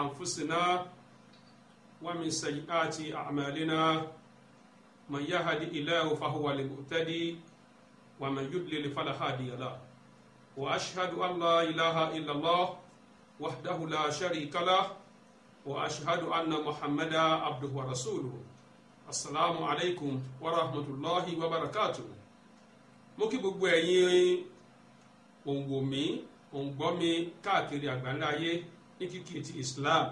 أنفسنا ومن سيئات أعمالنا من يهد إله فهو المهتدي ومن يضلل فلا هادي له وأشهد أن لا إله إلا الله وحده لا شريك له وأشهد أن محمدا عبده ورسوله السلام عليكم ورحمة الله وبركاته mo kí gbogbo ẹ̀yin òǹwò mi òǹgbọ́ mi ní kíkì ti Islam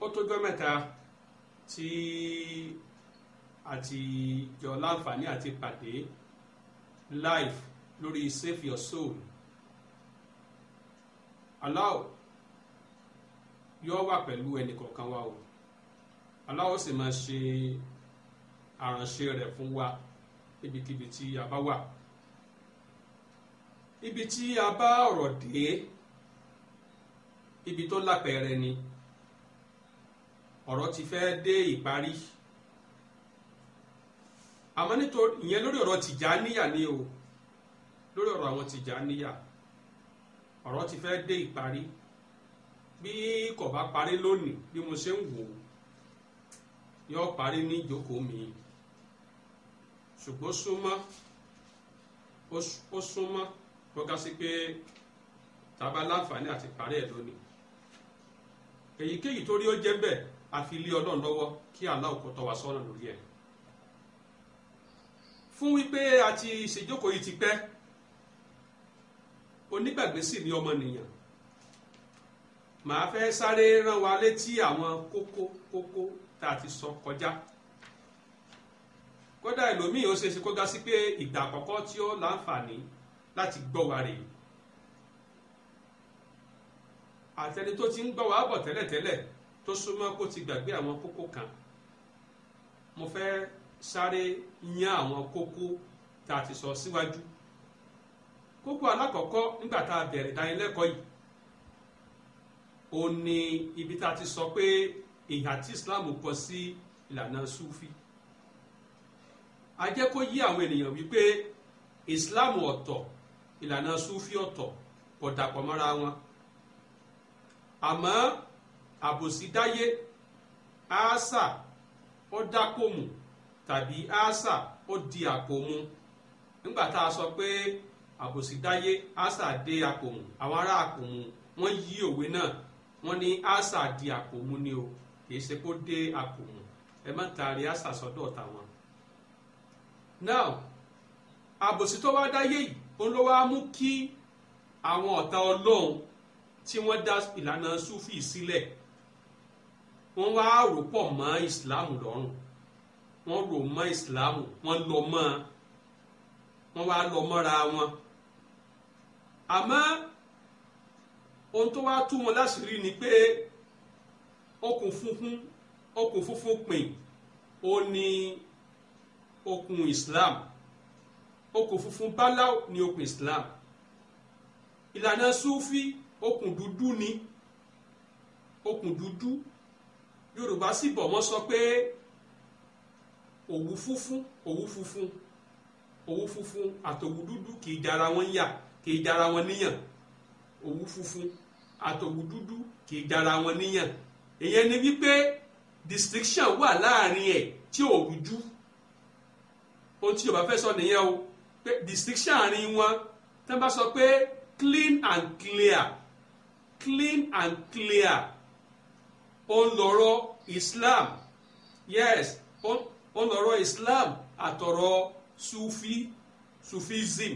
ó tójọ́ mẹ́ta tí àti jọ láǹfààní àti pàdé live lórí save your soul Allah yóò wà pẹ̀lú ẹnìkọ̀ọ̀kan wa o Allah ó sì máa ṣe àránṣe rẹ̀ fún wa níbikíbi tí a bá wà ibi tí a bá ọ̀rọ̀ dé ibi tó lápẹẹrẹ ni ọ̀rọ̀ ti fẹ́ dé ìparí àmọ́ nítorí ìyẹn lórí ọ̀rọ̀ Tìjàníyà ni o lórí ọ̀rọ̀ àwọn Tìjàníyà ọ̀rọ̀ ti fẹ́ dé ìparí bí kò bá parí lónìí bí mo ṣe ń wò ó yóò parí ní ìjókòó mi ṣùgbọ́n súnmọ́ ó súnmọ́ tó ga sí pé tá láǹfààní àti parí ẹ̀ lónìí èyíkéyìí tó rí ó jẹ́ bẹ́ẹ̀ àfi lé ọlọ́run lọ́wọ́ kí Allah kó tọ́ wa sọ́nà lórí ẹ̀ fún wípé a ti ṣèjókòó yìí ti pẹ́ onígbàgbé sì ni ọmọnìyàn màá fẹ́ sáré rán wa létí àwọn kókó kókó tá a ti sọ kọjá kódà ẹlòmíì ó ṣeéṣe kó ga sí pé ìgbà àkọ́kọ́ tí ó láǹfààní láti gbọ́ wa rèé àtẹni tó ti ń gbọ́ wàá bọ̀ tẹ́lẹ̀tẹ́lẹ̀ tó súnmọ́ kó ti gbàgbé àwọn kókó kan mo fẹ́ sáré yán àwọn kókó tá a ti sọ síwájú kókó alákọ̀ọ́kọ́ nígbà tá a bẹ̀rẹ̀ ìdánilẹ́kọ̀ọ́ yìí ó ní ibi tá a ti sọ pé ìhà tí Islam kọ sí ìlànà Sufi a jẹ́ kó yí àwọn ènìyàn wípé Islam ọ̀tọ̀ ìlànà Sufi ọ̀tọ̀ kò dàpọ̀ mọ́ra wọn àmọ́ àbòsí dáyé àásà ó dákòmù tàbí àásà ó di àpòmù nígbà tá a sọ pé àbòsí dáyé àásà dé àpòmù àwọn ará àpòmù wọ́n yí òwe náà wọ́n ní àásà di àpòmù ni o kì í ṣe kó dé àpòmù ẹ má taari àásà sọ́dọ̀ tàwọn. now àbòsí tó wá dáyé yìí ó ló wá mú kí àwọn ọ̀tá ọlọ́run tí wọ́n dá ìlànà sufi sílẹ̀ wọ́n wá rò pọ̀ mọ́ islam lọ́rùn wọ́n rò mọ́ ìsìláàmù wọ́n lọ mọ́ wọ́n wá lọ mọ́ra wọn àmọ́ ohun tó wá tú wọn láṣìírí ni pé okùn funfun okùn funfun pin ó ní okùn Islam okùn funfun báláwo ni okùn Islam ìlànà sufi okùn dúdú ni okùn dúdú yorùbá sì bọ̀ wọ́n sọ pé òwú funfun òwú funfun òwú funfun àtòwú dúdú kì í dára wọn yà kì í dára wọn níyàn òwú funfun àtòwú dúdú kì í dára wọn níyàn ìyẹn ni wípé distinction wà láàrin ẹ̀ tí ò rújú ohun tí yorùbá fẹ́ sọ nìyẹn o pé distinction àárín wọn tẹ́ bá sọ pé clean and clear clean and clear ó ń Islam yes ó ń lọ́rọ̀ Islam àtọ̀rọ̀ Sufi Sufism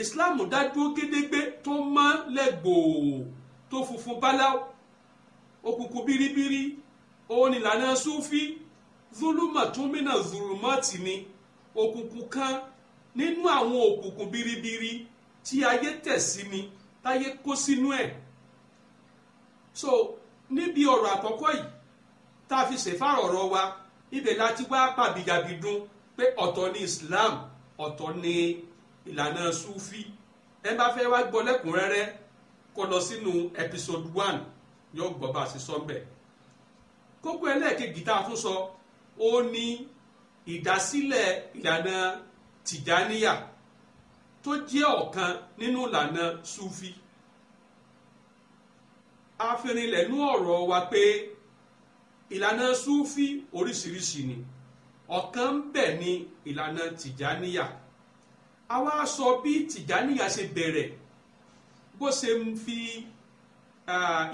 Islam dádúró gédégbé tó mọ́ lẹ́gbòó tó funfun báláwo òkùnkùn biribiri òun ìlànà Sufi zuluma tó mìnà zulumati ni òkùnkùn kan nínú àwọn òkùnkùn biribiri tí ayé tẹ̀ sí ni táyé kó sínú ẹ̀. E so níbi ọ̀rọ̀ àkọ́kọ́ yìí tá a fi ṣèfàrọ̀ ọ̀rọ̀ wa ibẹ̀ láti wá pàbíjàbídún pé ọ̀tọ̀ ni Islam ọ̀tọ̀ ni ìlànà Sufi ẹ bá fẹ́ wá gbọ́ lẹ́kùnrẹ́rẹ́ kó lọ sínú episode one yóò gbọ́ bá a ṣe sọ ń bẹ̀. kókó ẹlẹ́ẹ̀kejì tá a tún sọ ó ní ìdásílẹ̀ ìlànà tìjáníyà tó jẹ́ ọ̀kan nínú ìlànà Sufi afirinlẹ̀nú ọ̀rọ̀ wa pé ìlànà súfì oríṣiríṣi ni ọ̀kan bẹ̀ ni ìlànà tìjáníyà a wá sọ bí tìjáníyà ṣe bẹ̀rẹ̀ bó ṣe ń fi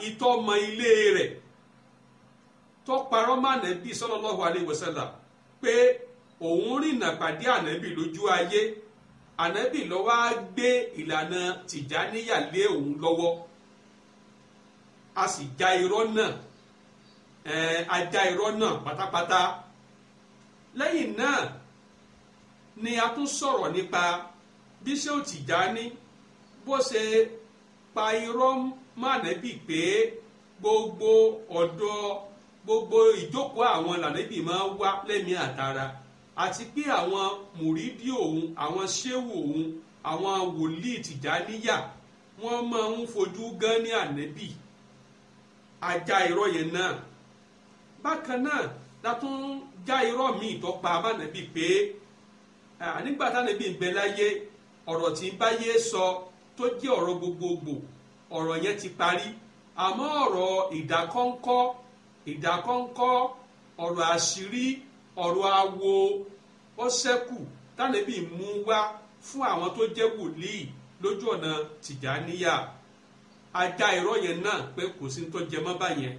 itọ́ mọ ilé rẹ̀ tó parọ́ mọ́ ànábì sallallahu alaihi wasallam pé òun rìnnà pàdé ànábì lójú ayé ànábì ló wá gbé ìlànà tìjáníyà lé òun lọ́wọ́ a sì ja irọ́ náà ẹ̀ẹ́ a ja irọ́ náà pátápátá lẹ́yìn náà ni a tún sọ̀rọ̀ nípa bí Ṣéhù Tìjání bó ṣe pa irọ́ mánẹ́bí pé gbogbo ọ̀dọ́ gbogbo ìjókòó àwọn lànẹ́bí máa ń wá lẹ́mìí àtara àti pé àwọn mùrídìí òun àwọn ṣéwù òun àwọn wòlíì Tìjàníyà wọ́n máa ń fojú gan ní ànẹ́bí ajá irọ́ yẹn náà bákan náà la tún já irọ́ míì tó pa amánàbí pé nígbà tánàbí ń bẹ láyé ọ̀rọ̀ tí ń bá yé sọ tó jẹ́ ọ̀rọ̀ gbogbogbò ọ̀rọ̀ yẹn ti parí àmọ́ ọ̀rọ̀ ìdákọ́ńkọ́ ìdákọ́ńkọ́ ọ̀rọ̀ àṣírí ọ̀rọ̀ awo ó ṣẹ́kù tánàbí mú wá fún àwọn tó jẹ́ wòlíì lójú ọ̀nà tìjàníyà a ịrọ irọ́ yẹn náà pé kò sí tó jẹ mọ́ báyẹn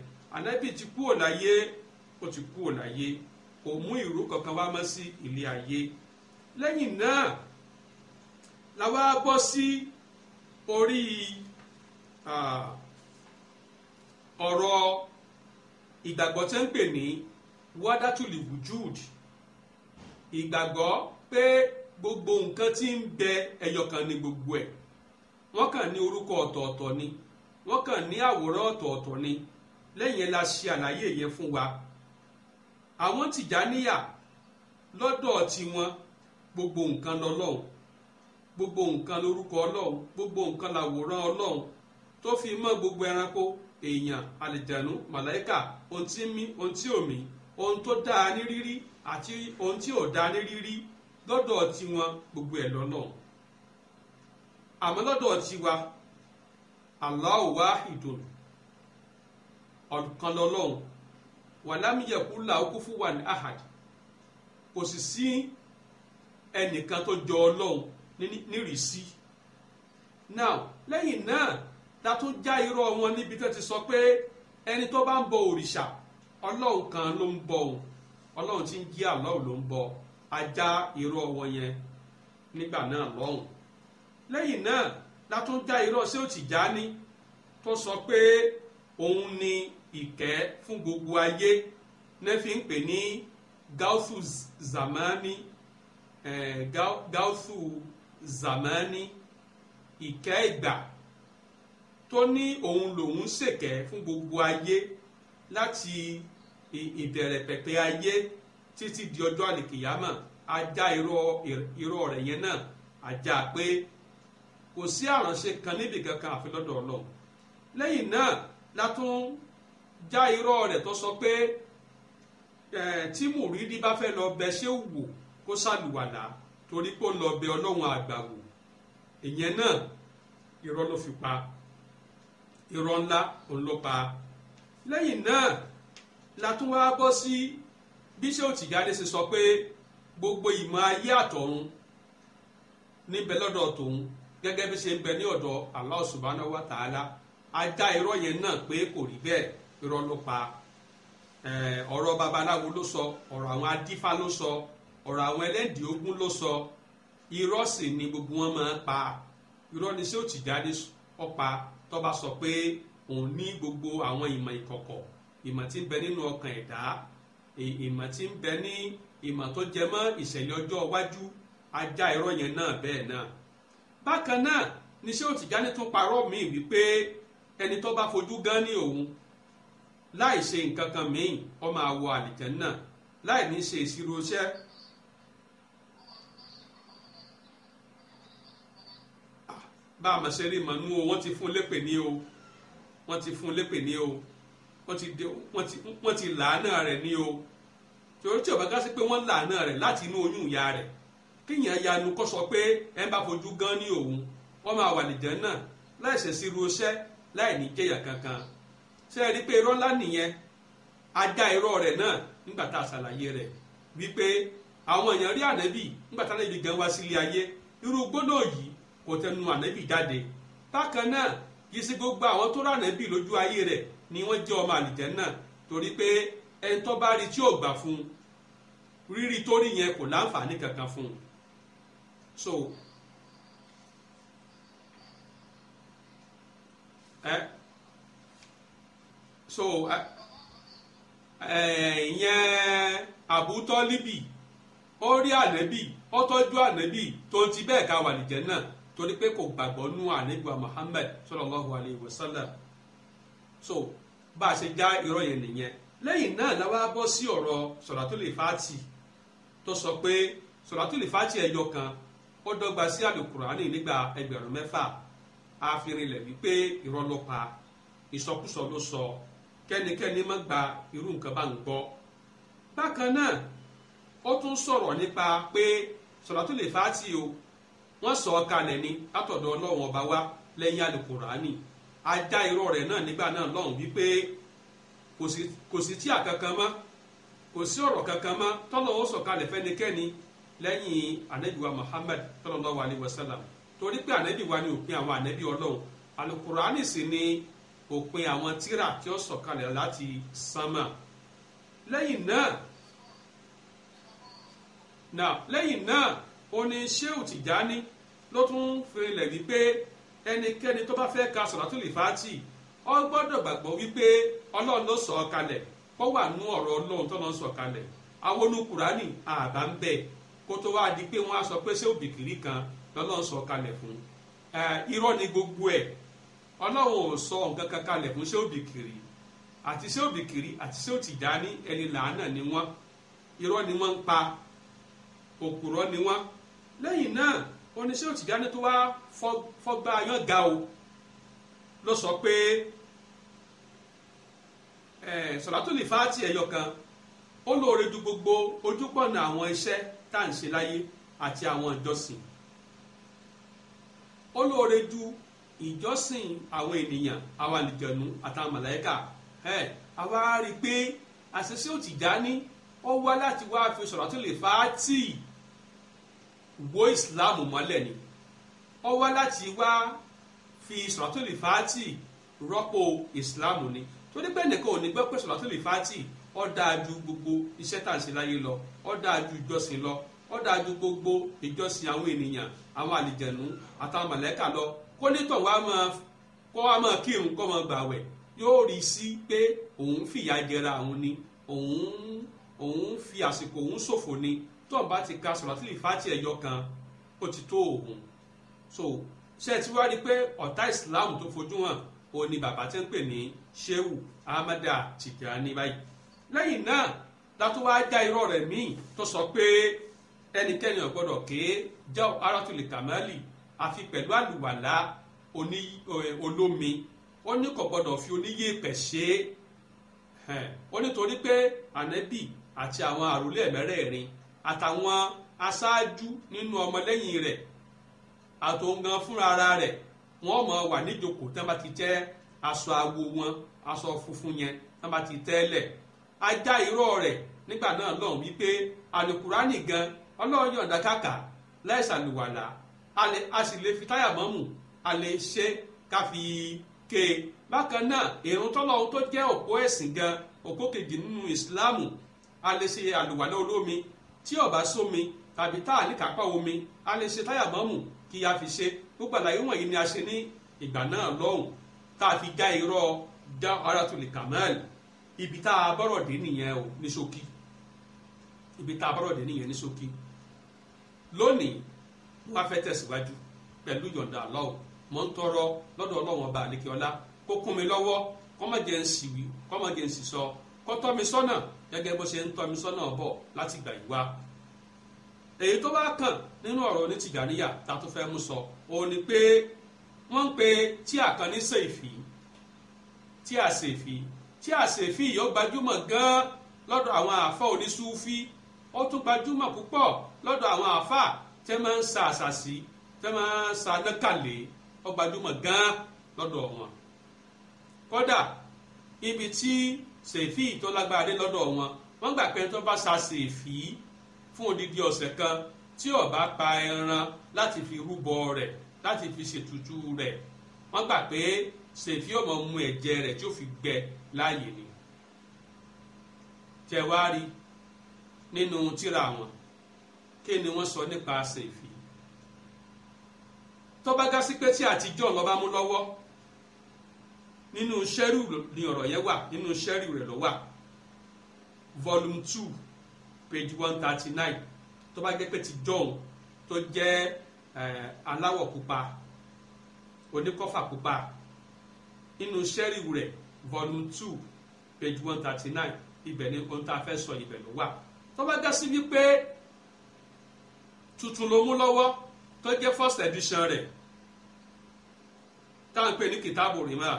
ti kúrò láyé ó ti kúrò láyé kò mú ìró kankan wá mọ́ sí ilé ayé lẹ́yìn náà làwa bọ́ sí orí ọ̀rọ̀ ìgbàgbọ́ tẹ́ ní wùjúùd ìgbàgbọ́ pé gbogbo nǹkan ti ń bẹ ẹyọkan ní gbogbo kàn ní wọ́n kàn ní àwòrán ọ̀tọ̀ọ̀tọ̀ ni lẹ́yìn ẹ̀ la ṣe àlàyé yẹn fún wa àwọn tìjàníyà lọ́dọ̀ tiwọn gbogbo nǹkan lọ́lọ́run gbogbo nǹkan lórúkọ ọlọ́run gbogbo nǹkan làwòrán ọlọ́run tó fi mọ́ gbogbo ẹranko èèyàn àlìjẹ̀nu màláìkà ohun tí mí ohun tí ò mí ohun tó dáa ní rírí àti ohun tí ò dáa ní rírí lọ́dọ̀ tiwọn gbogbo ẹ̀ lọ́lọ́run àmọ́ lọ́dọ̀ tiwa Allahu wahidun ọ̀kan lọ́lọ́run wàlámì yẹ̀kúlà kufuwan ahad kò sì sí ẹnìkan tó jọ ọlọ́run nírìísí now lẹ́yìn náà ta tún já irọ́ wọn níbi tó ti sọ pé ẹni tó bá ń bọ òrìṣà ọlọ́run kan ló ń bọ òun ọlọ́run tí ń jí àlọ́ọ̀ ló ń bọ ajá irọ́ wọn yẹn nígbà náà lọ́hùn lẹ́yìn náà látún já irọ́ sí Tìjání tó sọ pé òun ni ìkẹ́ fún gbogbo ayé náà ń pè ní gáúsù zamani eh, gáúsù zamani ìkẹ́ ìgbà tó ní òun lòun ṣèkẹ́ fún gbogbo ayé láti ìbẹ̀rẹ̀ pẹ̀pẹ̀ ayé títí di ọjọ́ àlèkìyámà ajá irọ́ rẹ̀ yẹn náà ajá pé kò sí àránṣe kan níbì kankan àfi lọ́dọ̀ ọlọ́run lẹ́yìn náà la tún já irọ́ rẹ̀ tó sọ pé tí mùrídì bá fẹ́ lọ bẹ ṣé wò kó ṣàlùwàlà torí pé ó lọ bẹ ọlọ́run àgbà wò ìyẹn náà irọ́ ló fi pa irọ́ ńlá òun ló pa lẹ́yìn náà la tún wá bọ́ sí bíṣẹ́ òtìgáde ṣe sọ pé gbogbo ìmọ̀ ayé àtọ̀run níbẹ̀ lọ́dọ̀ tòun gẹ́gẹ́ bí ṣe ń bẹ ní ọ̀dọ̀ Allah subhanahu wa ta'ala ajá irọ́ yẹn náà pé kò rí bẹ́ẹ̀ irọ́ ló pa ọ̀rọ̀ babaláwo ló sọ ọ̀rọ̀ àwọn adífá ló sọ ọ̀rọ̀ àwọn ẹlẹ́dìí ogun ló sọ irọ́ sì ni gbogbo wọn máa pa irọ́ ni sí Tijani ọ̀pa tó bá sọ pé òun ní gbogbo àwọn ìmọ̀ ìkọ̀kọ̀ ìmọ̀ tí ń bẹ nínú ọkàn ẹ̀dá ìmọ̀ tí ń bẹ ní ìmọ̀ tó jẹ mọ́ ìṣẹ̀lẹ̀ ọjọ́ iwájú ajá irọ́ yẹn náà bẹ́ẹ̀ náà bákan náà ni Ṣéhù Tìjání tún parọ́ míì wípé ẹni tó bá fojú gan ní òun láì ṣe nǹkan kan míì ó máa wọ àlìjẹ́nnà láì ní ṣe ìṣirò iṣẹ́ ah, bá a mọ̀ ṣe rí mọ̀nú o wọ́n ti fún lépè ní o wọ́n ti fún lépè ní o wọ́n ti làánà rẹ̀ ní o tòótì ọ̀bá ká sí pé wọ́n làánà rẹ̀ láti inú oyún ìyá rẹ̀ nya ya kó sọ pé ẹ ń bá fojú gan ní òun wọ́n máa wà nìjẹ́ náà láìsẹ̀ sí irú iṣẹ́ láì ní jẹ̀yà kankan ṣé ẹ rí pé irọ́ ńlá nìyẹn ajá irọ́ rẹ̀ náà nígbà tá a ṣàlàyé rẹ̀ wípé àwọn èèyàn rí ànábì nígbà tá ànábì gan wá sílé ayé irú yìí kò tẹnu jáde bákan ni wọ́n jẹ́ ọmọ àlìjẹ́ náà torí pé ẹni tó bá rí tí ò gbà fún un rírí kankan fún so ẹ so ẹ ìyẹn àbútọ́líbì ó rí ànẹ́bì ó tọ́jú ànẹ́bì tó ti bẹ́ẹ̀ ká wà nìjẹ́ náà torí pé kò gbàgbọ́ nú ànẹ́bì wa Muhammad sallallahu alayhi wa sallam so bá a ṣe já irọ́ yẹn nìyẹn lẹ́yìn náà la wá bọ́ sí ọ̀rọ̀ sọ̀rọ̀ tó lè fàtì tó sọ pé sọ̀rọ̀ tó lè fàtì ẹ̀yọ kan ó dọ́gba sí àlùkùránì nígbà ẹgbẹ̀rún mẹ́fà àfihànilẹ̀ wípé irọ́ ló pa ìsọkúsọ ló sọ kẹ́nikẹ́ni má gba irú nǹkan bá ń gbọ́. bákan náà ó tún sọ̀rọ̀ nípa pé sọ̀rọ̀tún lè fàátì o wọ́n sọ ọ́ kalẹ̀ látọ̀dọ̀ ọlọ́run ọba wa lẹ́yìn àlùkùránì ajá irọ́ rẹ̀ náà nígbà náà lọ́hùn wípé kò sí tíà kankan mọ́ kò sí ọ̀rọ̀ kankan mọ́ tọ́lọ́ ó sọ̀kalẹ̀ fẹ́nikẹ́ni lẹ́yìn anabi wa muhammad sallallahu alayhi wa sallam torí pé anabi wa ni òpin àwọn anabi ọlọ́run alukurani sì ni òpin àwọn tírà tí ó sọ̀kalẹ̀ láti sánmà lẹ́yìn náà náà lẹ́yìn náà ó ní sheu tijani ló tún fìrìlẹ̀ wípé ẹnikẹ́ni tó bá fẹ́ ka sọ̀rọ̀tún lè fàátì ó gbọ́dọ̀ gbàgbọ́ wípé ọlọ́run ló sọ̀ ọ́ kalẹ̀ kó wà nú ọ̀rọ̀ ọlọ́run tó lọ́ sọ̀ kalẹ̀ àwọn olùkùránì àbá ń bẹ́ẹ̀ kó tó wá di pé wọn á sọ pé ṣé òbíkìrí kan lọ́lọ́run sọ kalẹ̀ fún irọ́ ni gbogbo ẹ̀ ọlọ́run ò sọ nǹkan kan kalẹ̀ fún ṣé òbíkìrí àti ṣé òbíkìrí àti ṣé òtìjáni ẹni làánà ni wọ́n irọ́ ni wọn ń pa òkùrọ́ ni wọn lẹ́yìn náà oníṣẹ́ òtìjáni tó wá fọ́gbà yọ̀ǹga o ló sọ pé sọ̀rọ̀ tó lè fàátì ẹ̀yọ̀ kan ó lóore ju gbogbo ojúpọ̀nà àwọn iṣẹ́ tá à ń ṣe láyé àti àwọn ìjọsìn ó lóore ju ìjọsìn àwọn ènìyàn àwọn àlìjẹ̀nu àtàwọn màláíkà ẹ̀ àwa rí i pé àṣẹṣe ò Tìjàní ó wá láti wá fi sọ̀rọ̀ tó lè fa tí wo ìsìláàmù mọ́lẹ̀ ni ó wá láti wá fi sọ̀rọ̀ tó lè fa tí rọ́pò ìsìláàmù ni torí pé nìkan ò ní gbọ́ pé sọ̀rọ̀ tó lè fa tí ó dáa ju gbogbo iṣẹ́ tá à ń ṣe láyé lọ ó dáa ju ìjọsìn lọ ó dáa ju gbogbo ìjọsìn àwọn ènìyàn àwọn àlìjẹ̀nú àtàwọn mọ̀lẹ́kà lọ kó nítọ̀ wá máa kó wá máa kírun kó máa gbàwẹ̀ yóò rí sí pé òun fìyà jẹra òun ni òun òun fi àsìkò òun ṣòfò ni tó bá ti ka sọ̀rọ̀tìlì fàtì ẹ̀yọ kan ó ti tó òun so ṣe ti wá rí i pé ọ̀tá ìsìláàmù tó fojú hàn òun ni bàbá tí ń pè ní Shehu Ahmada Tijani báyìí lẹ́yìn náà látó wá já irọ́ rẹ̀ míì tó sọ pé ẹnikẹ́ni ò gbọ́dọ̀ ké já aráàtúlẹ̀ kàmáàlì àfi pẹ̀lú àlùwàlá eh, olómi ó ní kò gbọ́dọ̀ fi oníyèpẹ̀ ṣe é ó nítorí pé ànẹ́bì àti àwọn àròlé ẹ̀mẹ́rẹ̀ẹ̀rin àtàwọn aṣáájú nínú ọmọlẹ́yìn rẹ̀ àtòǹgan fúnra rẹ̀ wọ́n mọ̀ wà níjókòó tí wọ́n bá ti tẹ́ aṣọ awo wọn aṣọ funfun yẹn tí wọ́n bá ti tẹ́lẹ̀ a já irọ́ rẹ̀ nígbà náà lọ́hùn wípé àlùkùránì gan ọlọ́run yọ̀ǹda kàkà láìsàlùwàlà a sì lè fi táyà mọ́mù a lè ṣe ká fi ké e. bákan náà ìrun tọ́lọ́run tó jẹ́ òpó ẹ̀sìn gan òpó kejì nínú ìsìláàmù a lè ṣe àlùwàlà olómi tí ó bá sómi tàbí tá a ní kápá omi a lè ṣe táyà mọ́mù kí a fi ṣe gbogbo àlàyé wọ̀nyí ni a ṣe ní ìgbà náà lọ́hùn tá a fi já irọ́ dá ara tó lè kà ibi tá a bọ́rọ̀ dé nìyẹn o ní ṣókí ibi tá a bọ́rọ̀ dé nìyẹn ní ṣókí lónìí wọn á fẹ́ tẹ̀síwájú pẹ̀lú yọ̀ǹda Allah mọ̀ ń tọrọ lọ́dọ̀ ọlọ́wọ́n ọba àlekèọlá kó kún mi lọ́wọ́ kọ́mọ jẹ́ ń sìwí kọ́mọ jẹ́ ń sìsọ kó tọ́ mi sọ́nà gẹ́gẹ́ bó ṣe ń tọ́ mi sọ́nà bọ̀ láti gbà yìí wá èyí tó bá kàn nínú ọ̀rọ̀ ní tìjàníyà ta tó fẹ́ mú sọ òun ni pé wọ́n ń pe tí àkànní ṣèfì tí àṣèfì tí àṣẹ̀fì yìí ó gbajúmọ̀ gan-an lọ́dọ̀ àwọn àfa oníṣúfí ó tún gbajúmọ̀ púpọ̀ lọ́dọ̀ àwọn àfa tẹ́ máa ń sa àṣàṣì tẹ́ máa ń sa lẹ́kàlẹ́ ó gbajúmọ̀ gan-an lọ́dọ̀ wọn. kódà ibi tí ṣèfì tó lágbára dé lọ́dọ̀ wọn wọ́n gbà pé tó bá sa ṣèfì fún odidi ọ̀sẹ̀ kan tí ó bá pa ẹran láti fi rúbọ rẹ̀ láti fi ṣètùtù rẹ̀ wọ́n gbà pé ṣèǹtì yóò máa mu ẹ̀jẹ̀ rẹ̀ tí ó fi gbẹ láàyè ni tẹ̀wárí nínú tírà wọn kí ni wọ́n sọ nípa ṣèǹfì tó bá gá sí pé tí àtijọ́ lọ́ba mú lọ́wọ́ nínú sẹ́rù ni ọ̀rọ̀ yẹn wà nínú sẹ́rù rẹ̀ ló wà volume two page one thirty nine tó bá jẹ́ pé ti john tó jẹ́ eh, aláwọ̀ pupa oníkọ́fà pupa inú sẹ́ríwù rẹ̀ volume two page one thirty nine ibẹ̀ ni ohun tá a fẹ́ sọ ibẹ̀ ló wà tó bá dá sí wípé tuntun ló mú lọ́wọ́ tó jẹ́ first edition rẹ̀ tá à ń pè ní kìtàbù rìmà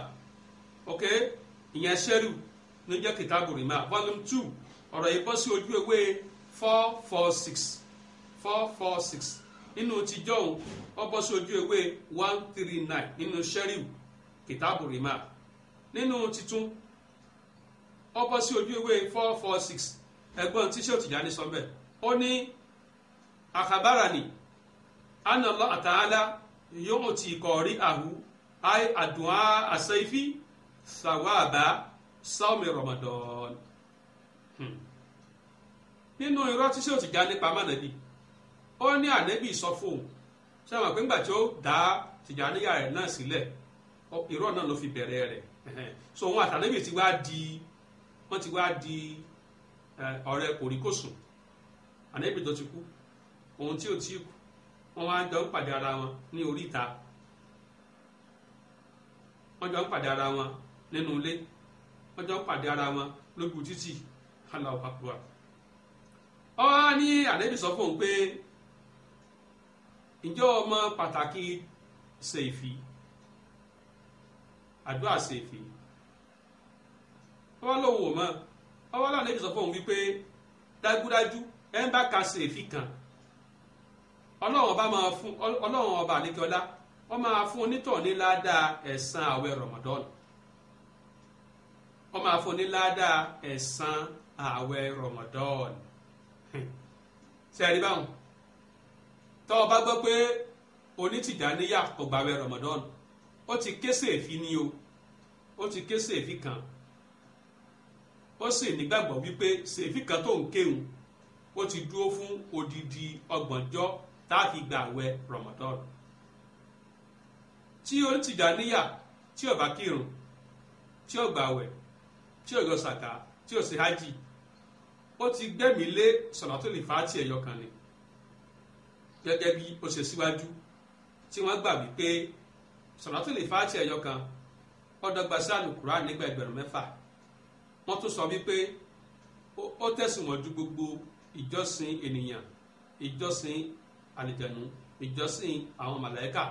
ok ìyẹn sẹ́ríwù ló jẹ́ kìtàbù rìmà volume two ọ̀rọ̀ yìí bọ́ sí ojú ewé four four six four four six nínú tíjọ́ òun ọ bọ́ sí ojú ewé one three nine nínú sẹ́ríwù kìtàbù rìmá nínú titun ọbọ sí ojú ewé four four six ẹ̀gbọ́n tí ṣé òtìjà ní sọmbẹ ó ní àkàbárànì anàlọ àtàlà yóò ti kọrí àhú àì àdùn àṣẹfí sàwáàbá sáwọmì ramadan hmm. nínú irọ́ tí ṣé òtìjà nípa mánàbí ó ní ànẹ́bí sọ fóun ṣé àwọn àpéǹgbà tí ó dá tìjàníyà rẹ̀ náà sílẹ̀ irọ́ náà ló fi bẹ̀rẹ̀ rẹ̀ so wọn àtàlẹ́bì ti wá di wọ́n ti wá di ọ̀rẹ́ kòríkòsùn ànẹ́bì tó ti kú ohun tí ò tí kú wọ́n wá jọ ń pàdé ara wọn ní oríta wọ́n jọ ń pàdé ara wọn nínú ilé wọ́n jọ ń pàdé ara wọn lójú títì aláwọ̀ papua ọ ní ànẹ́bì sọ fún òun pé ǹjẹ́ ọmọ pàtàkì ṣèfì àdúrà ṣèfì ọwọ́ lòun ò mọ̀ ọwọ́ làwọn ẹbí sọ fún òun wípé dájúdájú ẹ ń bá ka ṣèfì kan ọlọ́run ọba máa fún ọlọ́run ọba àlekíọlá wọ́n máa fún onítọ̀ọ́ni ládàá ẹ̀san àwẹ̀ rọ̀mọ̀dọ́nù wọ́n máa fún oníládàá ẹ̀san àwẹ̀ rọ̀mọ̀dọ́nù ṣe é rí báwọn tọ́ ọ bá gbọ́ pé onítìjà níyà kò gbàwẹ̀ rọ̀mọ̀dọ́nù ó ti késè èfi ni o ó ti késè èfi kan ó sì nígbàgbọ́ wípé sèfì kan tó ń kéwòn ó ti dúró fún odidi ọgbọ̀njọ́ tá a fi gba àwẹ̀ Ramadan tí ó ti dà níyà tí ó bá kírun tí ó gba àwẹ̀ tí ó yọ sàká tí ó ṣe hajj ó ti gbẹ̀mí lé sọ̀làtòlì fàátì ẹ̀yọ kan ni gẹ́gẹ́ bí ó ṣe síwájú tí wọ́n gbà wípé sọ̀rọ̀tún lè fàtí ẹ̀yọ kan ọ̀dọ́gba sí àlùkùrán nígbà ẹgbẹ̀rún mẹ́fà wọ́n tún sọ wípé ó tẹ̀sùn wọn ju gbogbo ìjọsìn ènìyàn ìjọsìn àlìjẹ̀nu ìjọsìn àwọn màláíkà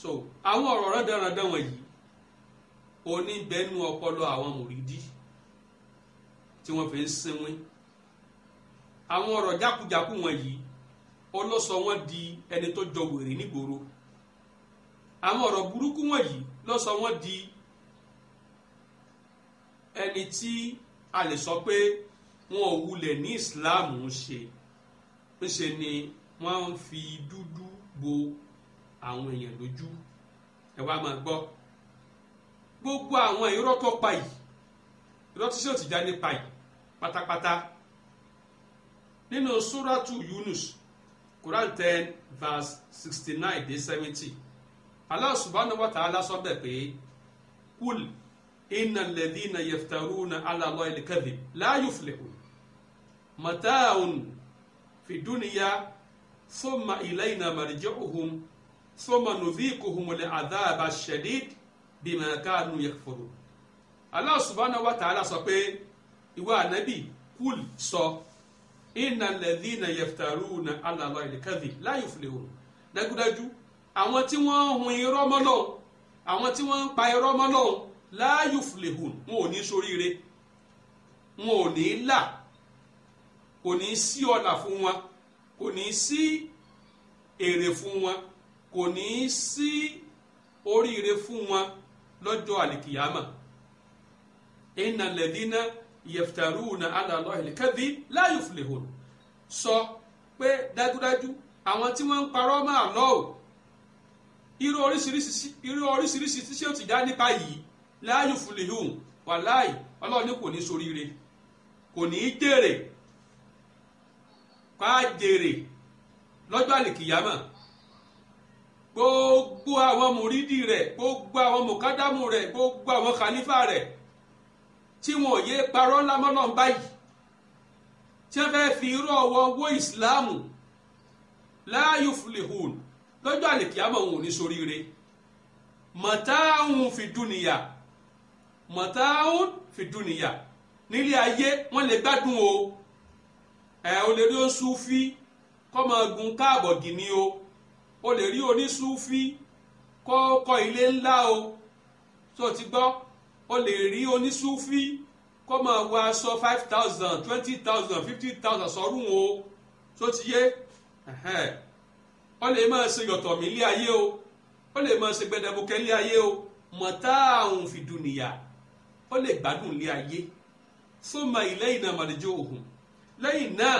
so àwọn ọ̀rọ̀ rẹ́dẹ̀rẹ́dẹ́ wọ̀nyí oníbẹ̀nu ọpọlọ àwọn mùrídí tí wọ́n fi ń sinwin àwọn ọ̀rọ̀ jákujàku wọ̀nyí ó lọ sọ di ẹni tó jọ wèrè nígboro àwọn ọ̀rọ̀ burúkú wọ̀nyí ló sọ wọ́n di ẹni tí a lè sọ pé wọn ò wulẹ̀ ní Islam ń ṣe ń ṣe ni wọ́n ń fi dúdú bo àwọn èèyàn lójú ẹ wá máa gbọ́ gbogbo àwọn irọ́ tó pa yìí irọ́ tí sèwọ́n ti já nípa yìí pátápátá nínú súrátù Yunus Quran ten verse sixty nine dé seventy. Allah subhanahu wa ta'ala sọ bẹ́ẹ̀ pé kúl iná lẹ́dí na yẹftaru na alàlọ́ ìlẹ́kẹ́lì láàyò fìlẹ̀kù mọ̀táàun fìdúnìyà sọ́mà ìlẹ́yìnà màrìjọ́ òhun sọ́mà nùdíkù hùmùlẹ̀ àdáàbà ṣẹ̀díd bímọ káànú yẹfọ̀rọ̀. Allah subhanahu wa ta'ala sọ pé ìwà ànábì kúl sọ iná lẹ́dí na yẹftaru na alàlọ́ ìlẹ́kẹ́lì láàyò fìlẹ̀kù dájúdájú àwọn tí wọ́n ń hun irọ́ mọ́ Ọlọ́hun àwọn tí wọ́n ń pa irọ́ mọ́ Ọlọ́hun la yuflihun wọn ò ní ṣoríire wọn ò ní là kò ní sí ọ̀là fún wọn kò ní sí èrè fún wọn kò ní sí oríire fún wọn lọ́jọ́ àlìkìyàmà inna alladhina yaftaruna ala Allahi al-kadhib sọ pé dájúdájú àwọn tí wọ́n ń parọ́ máa lọ́ọ̀ irú oríṣiríṣi irú oríṣiríṣi tí ṣé o ti dá nípa yìí láàyò fúlẹ̀hùn wàláì ọlọ́run ní kò ní soríire kò ní í jèrè ká jèrè lọ́jọ́ àlìkìyàmọ̀ gbogbo àwọn mùrídìí rẹ̀ gbogbo àwọn mùkádámù rẹ̀ gbogbo àwọn kàlífà rẹ̀ tí wọn ò yé parọ́ ńlá báyìí tí wọ́n fẹ́ fi irú ọwọ́ owó ìsìláàmù láàyò fúlẹ̀hùn lọ́jọ́ àlèkíyàmọ̀ òun ò ní soríire mọ̀táhùn fi dúnìyà mọ̀táhùn fi dúnìyà nílé ayé wọ́n lè gbádùn o ẹ̀ o lè rí oṣùfí kọ́mọ gun káàbọ̀ gìní o o lè rí oníṣùfí kọ́ kọ́ ilé ńlá o tó ti gbọ́ o lè rí oníṣùfí kó máa wọ aṣọ five thousand twenty thousand fifty thousand sọ́rùn o tó ti yé ó lè máa ṣe yọ̀tọ̀ mí lé ayé o ó lè máa ṣe gbẹdẹmukẹ́ lé ayé o mọ̀táàhùn fìdúnìyà ó lè gbádùn lé ayé súnmọ́ ìlẹ́yìn náà màdìjọ́ òhun lẹ́yìn náà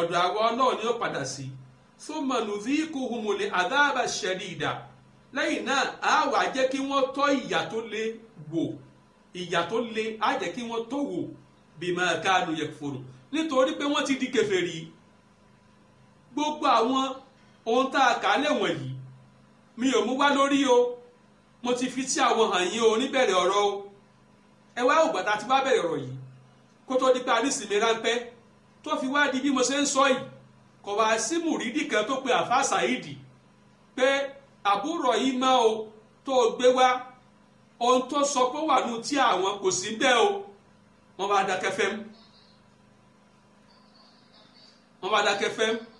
ọ̀dọ̀ àwa ọlọ́run ni ó padà sí súnmọ́ nùfíìkù humule àdáàbà ṣẹ̀rí ìdá lẹ́yìn náà á wà jẹ́ kí wọ́n tọ́ ìyà tó le wò ìyà tó le á jẹ́ kí wọ́n tó wò bímọ káànù yẹ̀fọ̀rọ̀ nítorí pé wọ́n ti di kèfèrí gbogbo àwọn ohun tá a kà á lè wọ̀nyí mi ò mú wá lórí o mo ti fi tí àwọn hàn yín o níbẹ̀rẹ̀ ọ̀rọ̀ o ẹ wá ògbà tá a ti wá bẹ̀rẹ̀ ọ̀rọ̀ yìí kó tó di pé a ní tó fi wá di bí mo ṣe ń sọ yìí kò wá sí mùrídì kan tó pe àfa Saidi pé àbúrò yìí mọ́ o tó o gbé wá ohun tó sọ pé wà nù tí àwọn kò sí bẹ́ẹ̀ o wọ́n bá dákẹ́ fẹ́ wọ́n bá dákẹ́ fẹ́